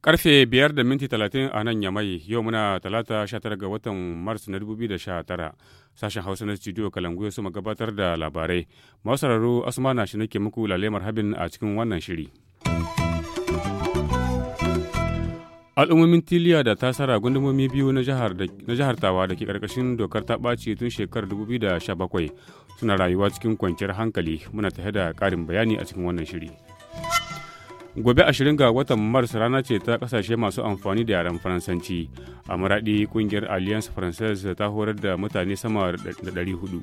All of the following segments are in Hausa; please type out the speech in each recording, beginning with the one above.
Karfe biyar da minti talatin a nan Yamai yau muna talata 19 ga watan Mars na 2019. Sashen Hausa na studio Kalangu ya suma gabatar da labarai. Masu sauraro Asmana shi nake muku lalemar habin a cikin wannan shiri. al'ummomin tiliya da tasara gundumomi biyu na jihar tawa da ke karkashin dokar ta ɓaci tun shekarar 2017 suna rayuwa cikin kwanciyar hankali muna tafe da karin bayani a cikin wannan shiri gobe 20 ga watan mars rana ce ta kasashe masu amfani da yaren faransanci a maraɗi ƙungiyar alliance française ta horar da mutane sama da 400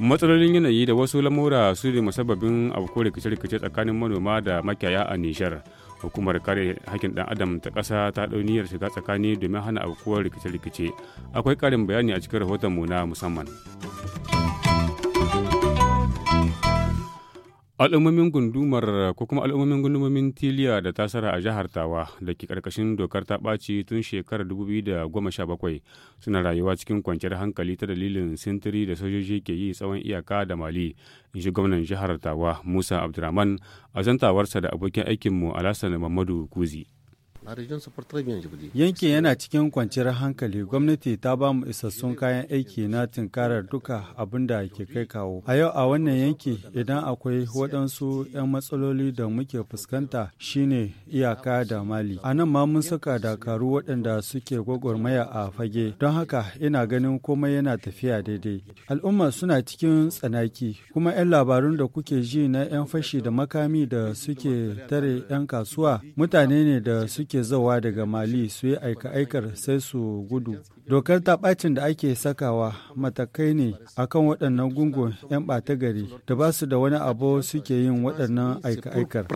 matsalolin yanayi da wasu lamura su ne musababin ko rikice-rikice tsakanin manoma da makiyaya a nishar hukumar kare hakkin ɗan adam ta ƙasa ta ɗau shiga tsakani domin hana aukuwar rikice-rikice akwai ƙarin bayani a cikin rahoton mu na musamman. al'ummomin gundumar ko kuma al'ummomin gundumomin tiliya da tasara a jihar tawa da ke karkashin dokar ta ɓaci tun shekarar 2017 suna rayuwa cikin kwanciyar hankali ta dalilin sintiri da sojoji ke yi tsawon iyaka da mali in shi gwamnan jihar tawa musa abdulrahman a zantawarsa da abokin aikinmu alasan mamadu kuzi Yankin yana cikin kwanciyar hankali gwamnati ta ba mu isassun kayan aiki na tinkarar duka abin da ke kai kawo. A yau a wannan yanki idan akwai waɗansu 'yan matsaloli da muke fuskanta shine iyaka da mali. A nan ma mun saka dakaru waɗanda suke gwagwarmaya a fage don haka ina ganin komai yana tafiya daidai. Al'umma suna cikin tsanaki kuma 'yan labarun da kuke ji na 'yan fashi da makami da suke tare 'yan kasuwa mutane ne da suke suke zawa daga mali su yi aika-aikar sai su gudu dokar taɓacin da ake sakawa matakai ne akan waɗannan gungun 'yan ɓata gari da ba su da wani abu suke yin waɗannan aika-aikar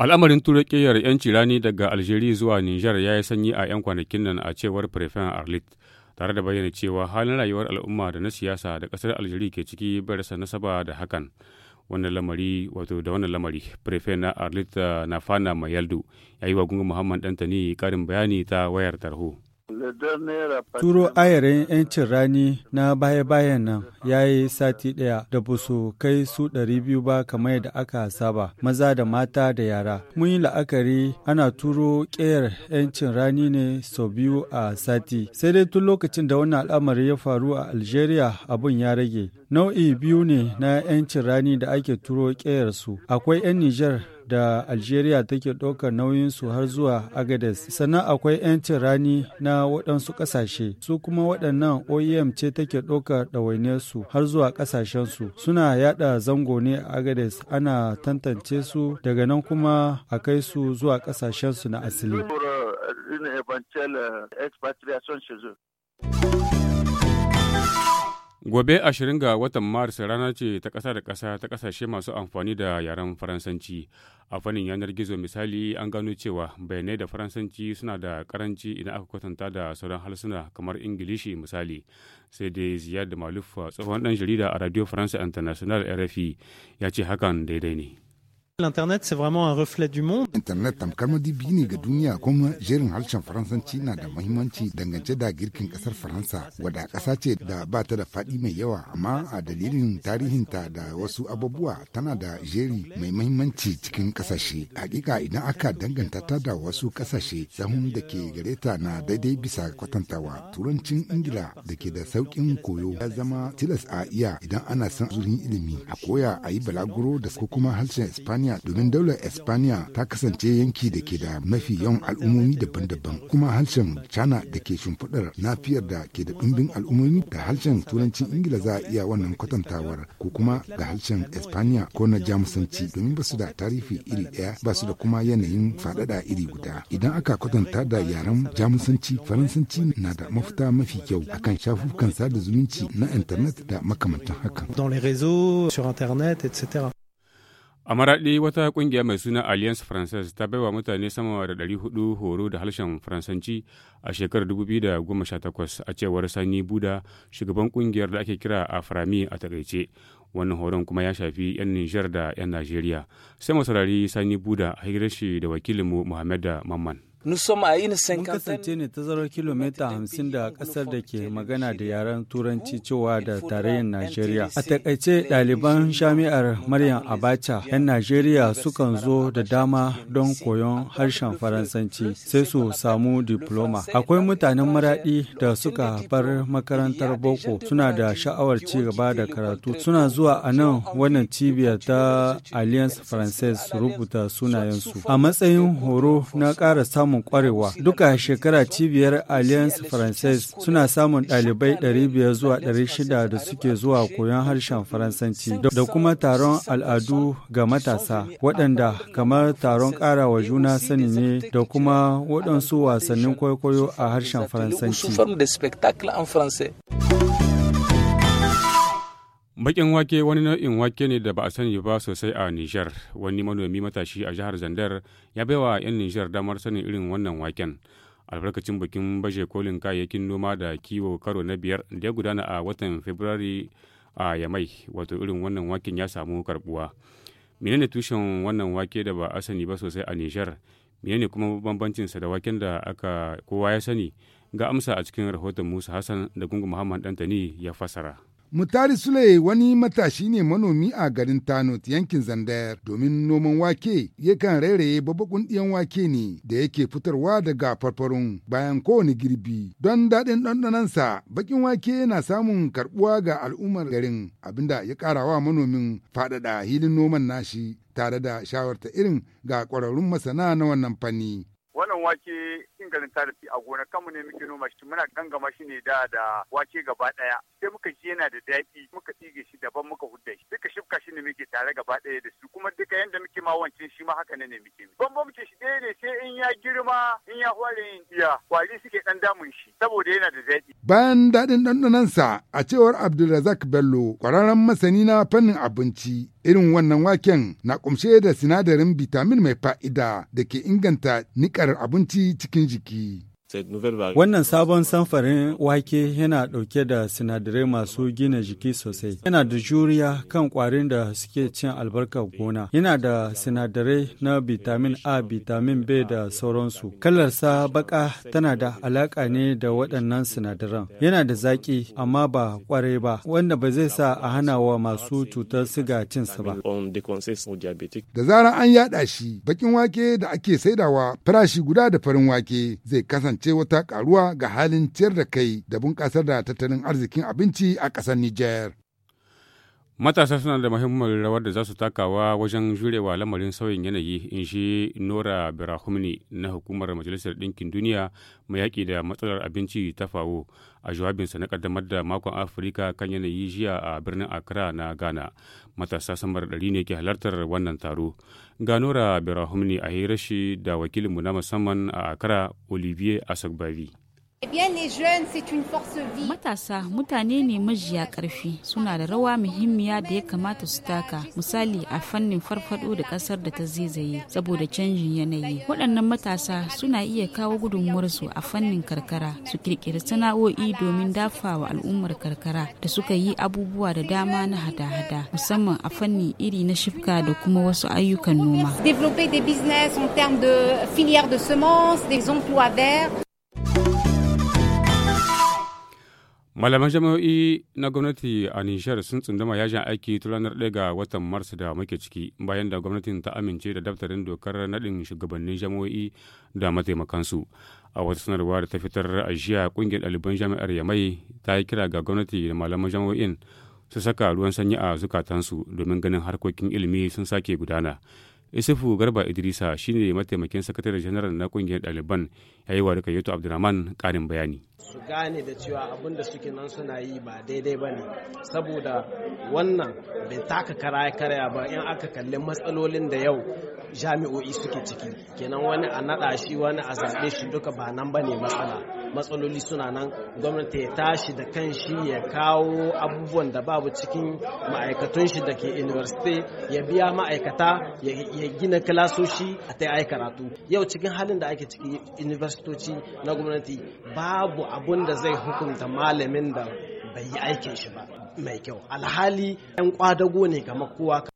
al'amarin turakiyar 'yanci rani daga algeria zuwa niger ya yi sanyi a 'yan kwanakin nan a cewar prefen arlit tare da bayyana cewa halin rayuwar al'umma da na siyasa da kasar algeria ke ciki bai rasa nasaba da hakan wannan lamari wato da wannan lamari prefe na arlita nafana yaldu ya yi wa gungun muhammad dantani karin bayani ta wayar tarho Turo ayarin 'yancin rani na baya-bayan nan ya yi sati ɗaya da ba su kai su ɗari biyu ba kamar yadda aka saba maza da mata da yara. Mun yi la'akari ana turo ƙeyar 'yancin rani ne sau biyu a sati. Sai dai tun lokacin da wannan al'amari ya faru a Algeria abun ya rage. Nau'i biyu ne na 'yancin rani da ake turo ƙeyar su. Akwai 'yan Nijar da Algeria take ɗaukar nauyinsu har zuwa Agades. Sannan akwai 'yancin rani na waɗansu ƙasashe, su kuma waɗannan OEM ce take ɗaukar ɗawainiyarsu har zuwa su Suna yada zango ne a Agades ana tantance su daga nan kuma a kai su zuwa ƙasashensu na asili Gobe ashirin ga watan Maris rana ce ta ƙasa da ƙasa ta ƙasashe masu amfani da yaren Faransanci. A fannin yanar gizo misali an gano cewa bayanai da Faransanci suna da ƙaranci idan aka kwatanta da sauran halsuna kamar Ingilishi misali. Sai dai da Maluf tsohon ɗan jarida a Radio France International RFI ya ce hakan daidai ne. L'Internet, c'est vraiment un reflet du monde. Internet ne ga duniya kuma jerin harshen Faransanci na da muhimmanci dangance da girkin kasar Faransa, wadda ƙasa ce da ba ta da faɗi mai yawa, amma a dalilin tarihinta da wasu abubuwa tana da jeri mai mahimmanci cikin kasashe Hakika idan aka danganta ta da wasu kasashe. sahun da ke gare ta na daidai bisa kwatantawa. Turancin Ingila da ke da sauƙin koyo ya zama tilas a iya idan ana son zurin ilimi, a koya a yi balaguro da ko kuma harshen Espanya Espanya domin daular Espanya ta kasance yanki da ke da mafi yawan al'ummomi daban-daban kuma harshen China da ke shimfiɗar nafiyar da ke da ɗumbin al'ummomi da harshen turancin Ingila za a iya wannan kwatantawar ko kuma da harshen Espanya ko na Jamusanci domin ba su da tarihi iri ɗaya ba su da kuma yanayin faɗaɗa iri guda. Idan aka kwatanta da yaren Jamusanci, Faransanci na da mafita mafi kyau akan shafukan sada zumunci na intanet da makamantan hakan. Dans les réseaux, sur internet, etc. a maraɗi wata ƙungiya mai suna alliance française ta baiwa mutane sama da 400 horo da harshen faransanci a shekarar 2018 a cewar sani buda shugaban ƙungiyar da ake kira a farami a takaice wannan horon kuma ya shafi 'yan nijar da 'yan najeriya sai masarari sani buda a hirar shi da wakilinmu muhammad mamman Mun kasance ne tazarar kilomita hamsin da ƙasar da ke magana da yaren Turanci cewa da tarayyar Najeriya. A takaice ɗaliban jami'ar Maryam Abacha 'yan Najeriya sukan zo da dama don koyon harshen Faransanci sai su samu diploma. Akwai mutanen maraɗi da suka bar makarantar boko suna da sha'awar ci gaba da karatu. Suna zuwa a nan wannan cibiyar ta Alliance Française rubuta sunayensu. A matsayin horo na ƙara samun samun kwarewa. Duka shekara cibiyar Alliance francaise suna samun ɗalibai 500 zuwa 600 da suke zuwa koyon harshen Faransanci da kuma taron al'adu ga matasa waɗanda kamar taron wa juna sani ne da kuma waɗansu wasannin kwaikwayo a harshen Faransanci. Bakin wake wani nau'in wake ne da ba a sani ba sosai a Nijar. Wani manomi matashi a jihar Zandar ya bai baiwa 'yan Nijar damar sanin irin wannan waken. Albarkacin bikin baje kolin kayayyakin noma da kiwo karo na biyar da ya gudana a watan Fabrairu a Yamai, wato irin wannan waken ya samu karbuwa. Menene tushen wannan wake da ba a sani ba sosai a Nijar? Menene kuma bambancinsa da waken da aka kowa ya sani? Ga amsa a cikin rahoton Musa Hassan da Gungu Muhammad Dantani ya fasara. Mutari Sule wani matashi ne manomi a garin Tanot yankin Zandayar domin noman wake yakan rairaye babakun ɗiyan wake ne da yake fitarwa daga farfarun bayan kowane girbi. Don daɗin ɗanɗanonsa bakin wake yana samun karɓuwa ga al'ummar garin abinda ya ƙarawa manomin faɗaɗa hilin noman nashi tare da shawarta irin ga ƙwararrun masana na wannan fanni. wake cikin garin tarifi a gona kanmu ne muke noma shi muna gangama shi ne da da wake gaba daya sai muka ji yana da daɗi muka tsige shi daban muka hudda shi ɗauka shi ne muke tare gaba ɗaya da su kuma duka yanda muke ma wancan shi ma haka ne ne muke ke shi ɗaya ne sai in ya girma in ya hware yin iya kwari suke ɗan damun shi saboda yana da zaƙi. bayan daɗin ɗanɗanonsa a cewar abdulrazak bello ƙwararren masani na fannin abinci irin wannan waken na ƙumshe da sinadarin bitamin mai fa'ida da ke inganta niƙar abinci cikin jiki. Wannan sabon samfarin wake yana ɗauke da sinadarai masu gina jiki sosai. Yana da juriya kan ƙwarin da suke cin albarkar gona. Yana da sinadarai na vitamin A, vitamin B da sauransu. Kalarsa baƙa tana da alaƙa ne da waɗannan sinadaran. Yana da zaƙi amma ba ƙwarai ba, wanda ba zai sa a hana wa masu cutar siga sa ba. Da zarar an yaɗa shi, bakin wake da ake saidawa farashi guda da farin wake zai kasance kasance wata karuwa ga halin ciyar da kai da bunƙasar da tattalin arzikin abinci a ƙasar Nijar. matasa suna da muhimmin rawar da za su takawa wajen jurewa lamarin sauyin yanayi in shi nora birahumni na hukumar majalisar ɗinkin duniya mai yaƙi da matsalar abinci ta fawo a jawabinsa na kaddamar da makon afirka kan yanayi jiya a birnin accra na ghana matasa samar ɗari ne ke halartar wannan taro ga nora birahumni a hirashi da wakilinmu na musamman a accra olivier asagbavi Eh matasa mutane ne majiya ƙarfi suna da rawa muhimmiya da ya kamata su taka misali a fannin farfado da ƙasar da ta zaizaye saboda canjin yanayi. Waɗannan matasa suna iya kawo gudunmuwarsu a fannin karkara su kirkiri sana'o'i domin dafawa al'ummar karkara da suka yi abubuwa da dama na hada-hada musamman a fannin iri na shifka da kuma wasu ayyukan noma. malaman jami'o'i na gwamnati a nishar sun tsunduma yajin aiki tun ranar ɗaya ga watan mars da muke ciki bayan da gwamnatin ta amince da daftarin dokar naɗin shugabannin jami'o'i da mataimakansu a wata sanarwa da ta fitar a jiya ƙungiyar ɗaliban jami'ar yamai ta yi kira ga gwamnati da malaman jami'o'in su saka ruwan sanyi a zukatansu domin ganin harkokin ilimi sun sake gudana isufu garba idrisa shine mataimakin sakataren general na kungiyar ɗaliban ya yi wa rikayoto abdulrahman ƙarin bayani su gane da cewa abin da suke nan suna yi ba daidai ba ne saboda wannan bai taka kara karya ba in aka kalli matsalolin da yau jami'o'i suke ciki kenan wani a naɗa shi wani a zaɓe shi duka ba nan ba ne matsala matsaloli suna nan gwamnati ya tashi da kan shi ya kawo abubuwan da babu cikin ma'aikatun shi da ke university ya biya ma'aikata ya ya gina kilasoshi a ta yi karatu yau cikin halin da ake ciki universitoci na gwamnati babu abun da zai hukunta malamin da bai yi aikin shi ba mai kyau alhali yan kwadago ne ga kowa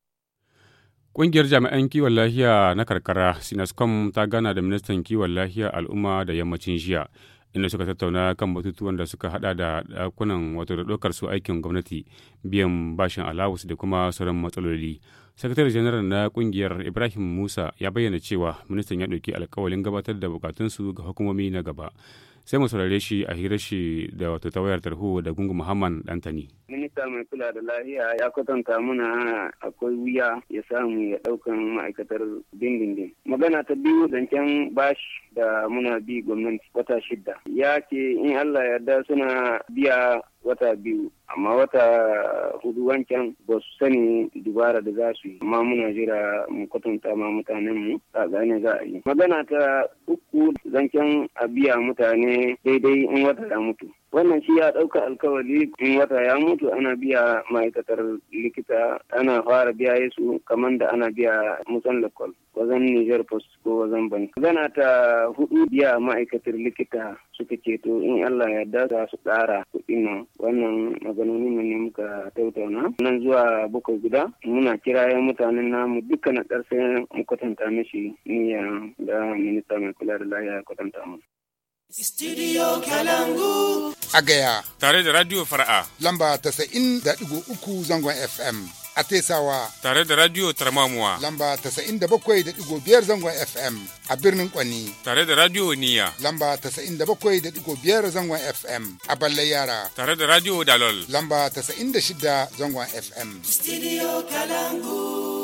Ƙungiyar jami'an kiwon lafiya na karkara Sinascom ta gana da ministan kiwon lafiya al'umma da yammacin jiya inda suka tattauna kan batutuwan da suka hada da dakunan wato da ɗaukar su aikin gwamnati biyan bashin alawus da kuma sauran matsaloli. sakatare janar na kungiyar ibrahim musa ya bayyana cewa ministan ya ɗauki alkawalin gabatar da bukatunsu ga hukumomi na gaba sai mu saurare shi a hirar shi da wato ta tarho da gungun muhammad dantani minista mai kula da lafiya ya kwatanta muna akwai wuya ya samu ya ɗaukan ma'aikatar dindindin magana ta biyu zancen bashi da muna bi gwamnati wata shidda ya ce in allah yarda suna biya wata biyu amma wata hudu wancan ba su sani dubara da za su yi amma muna jira mu kwatanta ma mutanen mu a gane za a yi magana ta uku zancen a biya mutane daidai in wata da mutu wannan shi ya ɗauka alkawari tun wata ya mutu ana biya ma'aikatar likita ana fara biya su kamar da ana biya musan lakol wajen niger post ko wajen bank zana ta hudu biya ma'aikatar likita suka ceto in allah ya dasa su ƙara kuɗi nan wannan maganoni mu ne muka tautauna nan zuwa bakwai guda muna kirayen mutanen namu duka na ƙarshen mu kwatanta mishi niyya da minista mai kula da ya kwatanta mu Studio Kalangu. A gaya. Tare da Radio Fara'a. Lamba uku zangon FM. A Tesawa. Tare da Radio Tarmamuwa. Lamba biyar zangon FM. A birnin Kwani. Tare da Radio Niya. Lamba biyar zangon FM. A Ballayara. Tare da Radio Dalol. Lamba shida zangon FM. Studio Kalangu.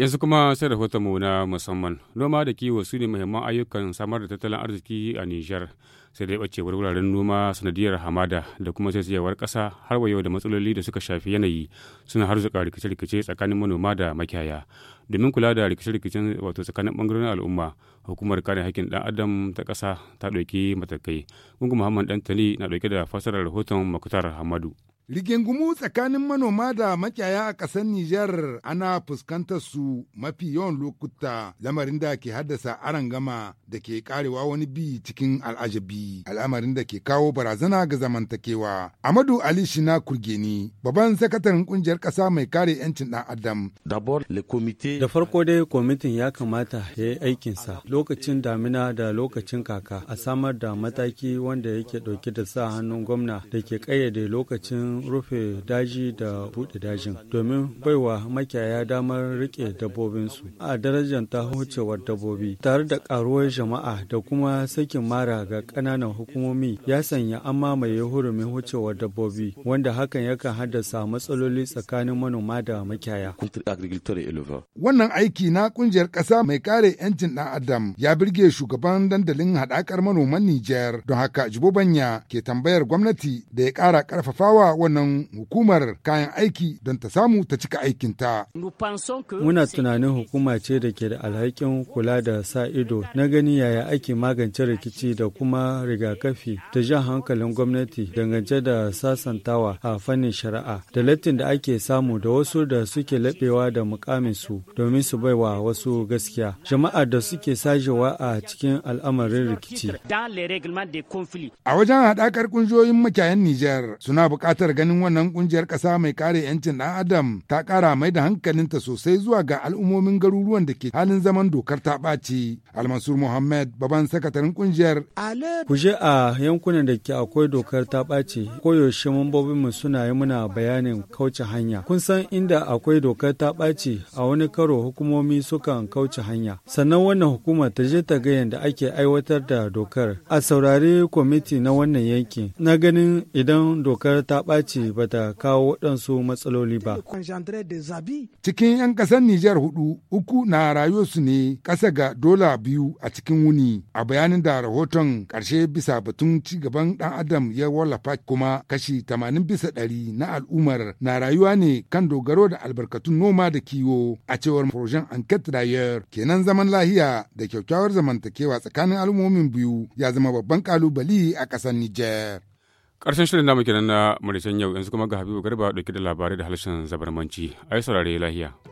yanzu kuma sai mu na musamman noma da kiwo su ne muhimman ayyukan samar da tattalin arziki a nijar sai dai bacewar wuraren noma sanadiyar hamada da kuma sai saisayewar ƙasa har wa yau da matsaloli da suka shafi yanayi suna har zuƙa rikice-rikice tsakanin manoma da makiyaya domin kula da rikice-rikicen wato tsakanin bangaren al'umma hukumar kare hakkin dan adam ta kasa ta ɗauki matakai gungun muhammad ɗantali na ɗauke da fasarar rahoton makutar hamadu Rigingumu tsakanin manoma da makiyaya a ƙasar Nijar ana fuskantar su mafi yawan lokuta lamarin da ke haddasa arangama da ke karewa wani bi cikin al'ajabi al'amarin da ke kawo barazana ga zamantakewa. Amadu Ali Shina Kurgeni, babban sakataren kungiyar ƙasa mai kare 'yancin ɗan Adam. Da farko dai kwamitin ya kamata ya yi aikinsa lokacin damina da lokacin kaka a samar da mataki wanda yake ɗauke da sa hannun gwamna da ke ƙayyade lokacin rufe daji da bude dajin domin baiwa makiyaya damar riƙe dabbobinsu a darajar ta hucewar dabbobi tare da karuwar jama'a da kuma sakin mara ga kananan hukumomi ya sanya an mamaye hurumin hucewar dabbobi wanda hakan yakan haddasa matsaloli tsakanin manoma da makiyaya. Wannan aiki na ƙungiyar kasa mai kare 'yancin ɗan Adam ya birge shugaban dandalin haɗakar manoman Nijar don haka Jibobanya ke tambayar gwamnati da ya kara ƙarfafawa wannan hukumar kayan aiki don ta samu ta cika aikinta. Muna tunanin hukuma ce da ke da alhakin kula da sa ido na gani yaya ake magance rikici da kuma rigakafi da jan hankalin gwamnati dangance da sasantawa a fannin shari'a da lattin da ake samu da wasu da suke laɓewa da mukamin su domin su baiwa wasu gaskiya jama'a da suke sajewa a cikin al'amarin rikici. A wajen haɗakar ƙungiyoyin makiyayan Nijar suna buƙatar ganin wannan kungiyar ƙasa mai kare 'yancin ɗan adam ta ƙara mai da hankalinta sosai zuwa ga al'ummomin garuruwan da ke halin zaman dokar ta ɓaci. Almansur Mohammed baban sakataren kungiyar. Kuje a yankunan da ke akwai dokar ta ɓaci koyaushe mambobinmu suna yi muna bayanin kauce hanya. Kun san inda akwai dokar ta ɓaci a wani karo hukumomi sukan kauce hanya. Sannan wannan hukuma ta je ta ga yadda ake aiwatar da dokar. A saurari kwamiti na wannan yankin. Na ganin idan dokar ta ɓaci ce ba ta kawo waɗansu matsaloli ba. Cikin 'yan ƙasar Nijar hudu, uku na su ne ƙasa ga dola biyu a cikin wuni. A bayanin da rahoton ƙarshe bisa batun ci gaban ɗan Adam ya wallafa kuma kashi 80 bisa ɗari na al'ummar na rayuwa ne kan dogaro da albarkatun noma da kiwo a cewar Projen Enquête d'ailleurs kenan zaman lahiya da kyakkyawar zamantakewa tsakanin al'ummomin biyu ya zama babban kalubali a ƙasar Nijar. Ƙarshen shirin namu kenan na Maritan yau yanzu kuma ga Habibu Garba dauke da labarai da harshen zabarmanci. Ai saurare lahiya.